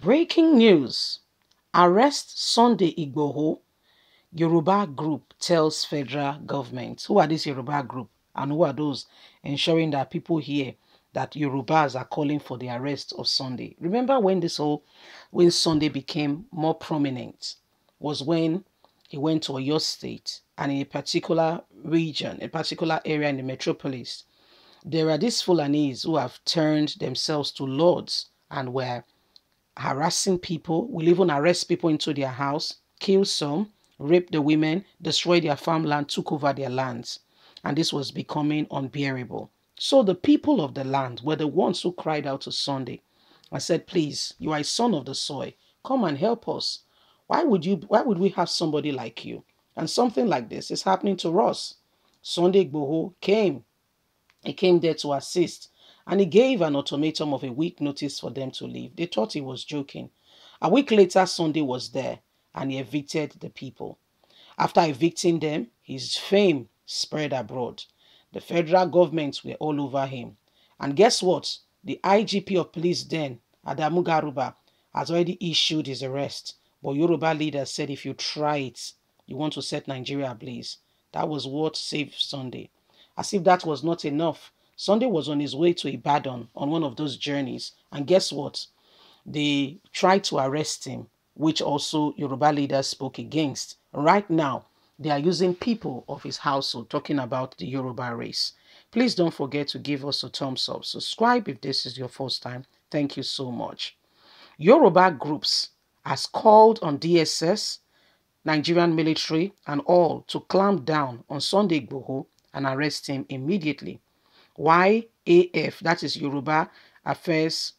Breaking news: Arrest Sunday Igboho, Yoruba group tells federal government. Who are this Yoruba group and who are those ensuring that people hear that Yorubas are calling for the arrest of Sunday? Remember when this whole when Sunday became more prominent was when he went to Oyo state and in a particular region, a particular area in the metropolis. There are these Fulanis who have turned themselves to lords and were harassing people, will even arrest people into their house, kill some, rape the women, destroy their farmland, took over their lands. And this was becoming unbearable. So the people of the land were the ones who cried out to Sunday and said, Please, you are a son of the soil. Come and help us. Why would you why would we have somebody like you? And something like this is happening to us. Sunday Boho came. He came there to assist and he gave an ultimatum of a week notice for them to leave. They thought he was joking. A week later, Sunday was there and he evicted the people. After evicting them, his fame spread abroad. The federal government were all over him. And guess what? The IGP of police then, Adamu Garuba, has already issued his arrest. But Yoruba leader said if you try it, you want to set Nigeria ablaze. That was what saved Sunday. As if that was not enough, Sunday was on his way to Ibadan on one of those journeys. And guess what? They tried to arrest him, which also Yoruba leaders spoke against. Right now, they are using people of his household talking about the Yoruba race. Please don't forget to give us a thumbs up. Subscribe if this is your first time. Thank you so much. Yoruba groups has called on DSS, Nigerian military, and all to clamp down on Sunday Igboho and arrest him immediately. YAF, that is Yoruba Affairs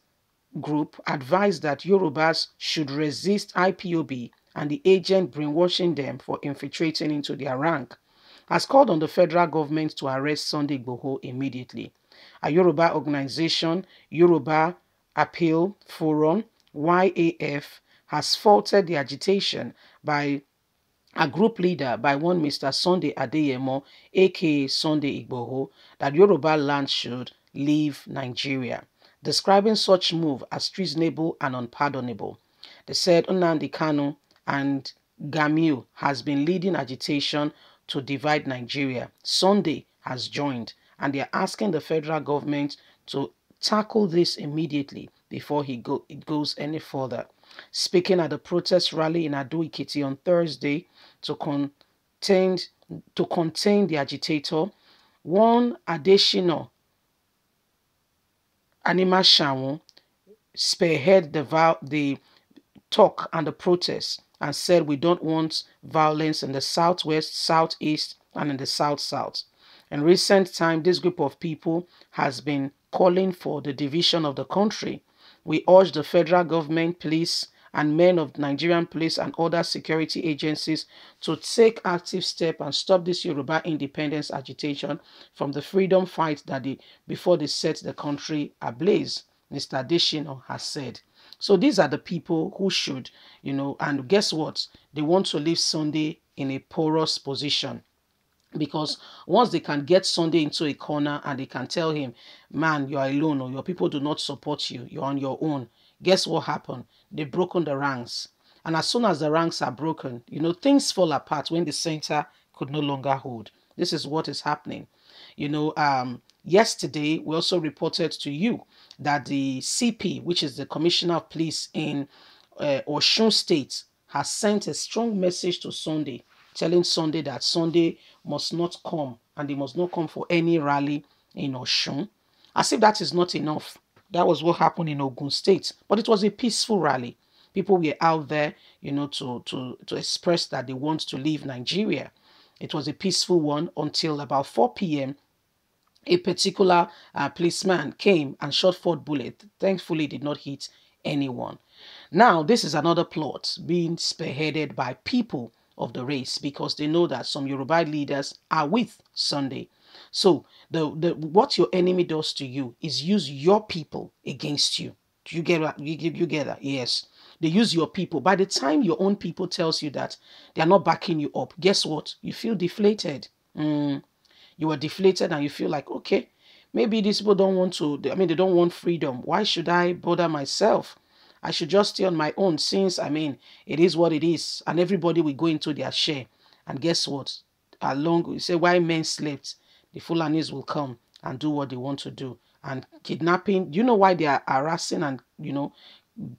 Group, advised that Yorubas should resist IPOB and the agent brainwashing them for infiltrating into their rank, has called on the federal government to arrest Sunday Igboho immediately. A Yoruba organization, Yoruba Appeal Forum, YAF, has faltered the agitation by a group leader by one Mr. Sunday Adeyemo, aka Sunday Igboho, that Yoruba land should leave Nigeria, describing such move as treasonable and unpardonable. They said Unandi Kanu and Gamio has been leading agitation to divide Nigeria. Sunday has joined and they are asking the federal government to tackle this immediately before he go, it goes any further speaking at the protest rally in Ado-Ikiti on Thursday to contain, to contain the agitator, one additional Anima Animashawu spearheaded the, the talk and the protest and said we don't want violence in the southwest, southeast, and in the south south. In recent time, this group of people has been calling for the division of the country we urge the federal government, police, and men of Nigerian police and other security agencies to take active step and stop this Yoruba independence agitation from the freedom fight that they, before they set the country ablaze, Mr. Adeshino has said. So these are the people who should, you know, and guess what? They want to leave Sunday in a porous position because once they can get Sunday into a corner and they can tell him, man, you're alone or your people do not support you, you're on your own, guess what happened? They've broken the ranks. And as soon as the ranks are broken, you know, things fall apart when the center could no longer hold. This is what is happening. You know, um, yesterday we also reported to you that the CP, which is the Commissioner of Police in uh, Oshun State, has sent a strong message to Sunday telling Sunday that Sunday must not come and they must not come for any rally in Oshun. As if that is not enough. That was what happened in Ogun State. But it was a peaceful rally. People were out there, you know, to, to, to express that they want to leave Nigeria. It was a peaceful one until about 4 p.m. A particular uh, policeman came and shot four bullets. Thankfully, did not hit anyone. Now, this is another plot being spearheaded by people of the race because they know that some Yoruba leaders are with Sunday. So the, the what your enemy does to you is use your people against you. Do you get that? You, you get that? Yes. They use your people. By the time your own people tells you that they are not backing you up, guess what? You feel deflated. Mm. You are deflated and you feel like, okay, maybe these people don't want to, I mean, they don't want freedom. Why should I bother myself? I should just stay on my own since, I mean, it is what it is. And everybody will go into their share. And guess what? Along, you say, why men slept? The Fulanis will come and do what they want to do. And kidnapping, you know why they are harassing and, you know,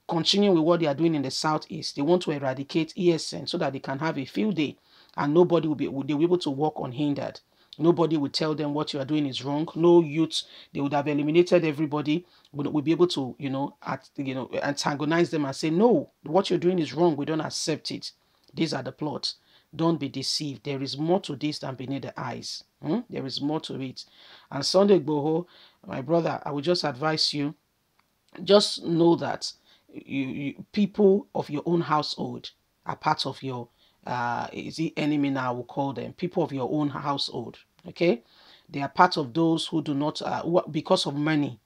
continuing with what they are doing in the southeast. They want to eradicate ESN so that they can have a field day and nobody will be, will be able to work unhindered. Nobody would tell them what you are doing is wrong. No youth, they would have eliminated everybody. Would would be able to, you know, at, you know, antagonize them and say, no, what you're doing is wrong. We don't accept it. These are the plots. Don't be deceived. There is more to this than beneath the eyes. Hmm? There is more to it. And Sunday Boho, my brother, I would just advise you, just know that you, you people of your own household are part of your uh, is it enemy now, we call them, people of your own household, okay? They are part of those who do not, uh, who, because of money,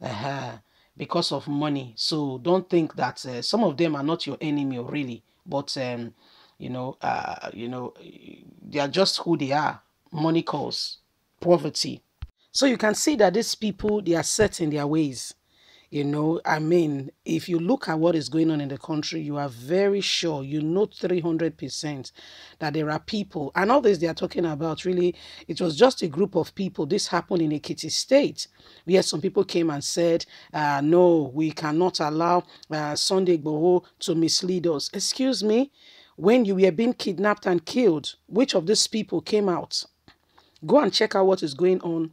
uh -huh. because of money. So don't think that uh, some of them are not your enemy, oh, really, but, um, you know, uh, you know, they are just who they are, money calls, poverty. So you can see that these people, they are set in their ways. You know, I mean, if you look at what is going on in the country, you are very sure, you know, 300% that there are people, and all this they are talking about really, it was just a group of people. This happened in Ekiti State, Yes, some people came and said, uh, no, we cannot allow uh, Sunday Boho to mislead us. Excuse me, when you were being kidnapped and killed, which of these people came out? Go and check out what is going on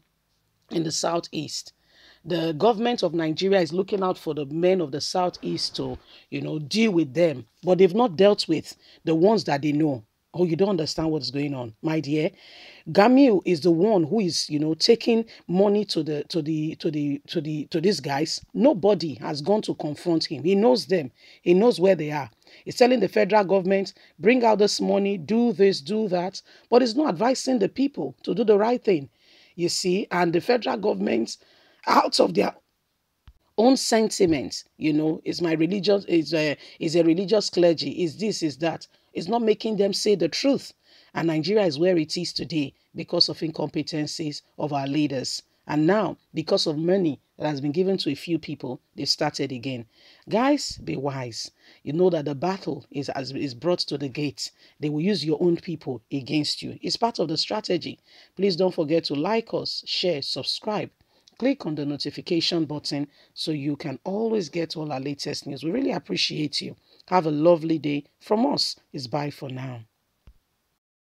in the southeast the government of Nigeria is looking out for the men of the southeast to, you know, deal with them. But they've not dealt with the ones that they know. Oh, you don't understand what's going on, my dear. Gamil is the one who is, you know, taking money to the to the to the to the to these guys. Nobody has gone to confront him. He knows them. He knows where they are. He's telling the federal government, bring out this money, do this, do that. But he's not advising the people to do the right thing. You see, and the federal government out of their own sentiments. You know, is my religious is a uh, is a religious clergy? Is this? Is that? It's not making them say the truth. And Nigeria is where it is today because of incompetencies of our leaders. And now, because of money that has been given to a few people, they've started again. Guys, be wise. You know that the battle is, as, is brought to the gate. They will use your own people against you. It's part of the strategy. Please don't forget to like us, share, subscribe click on the notification button so you can always get all our latest news. We really appreciate you. Have a lovely day from us. It's bye for now.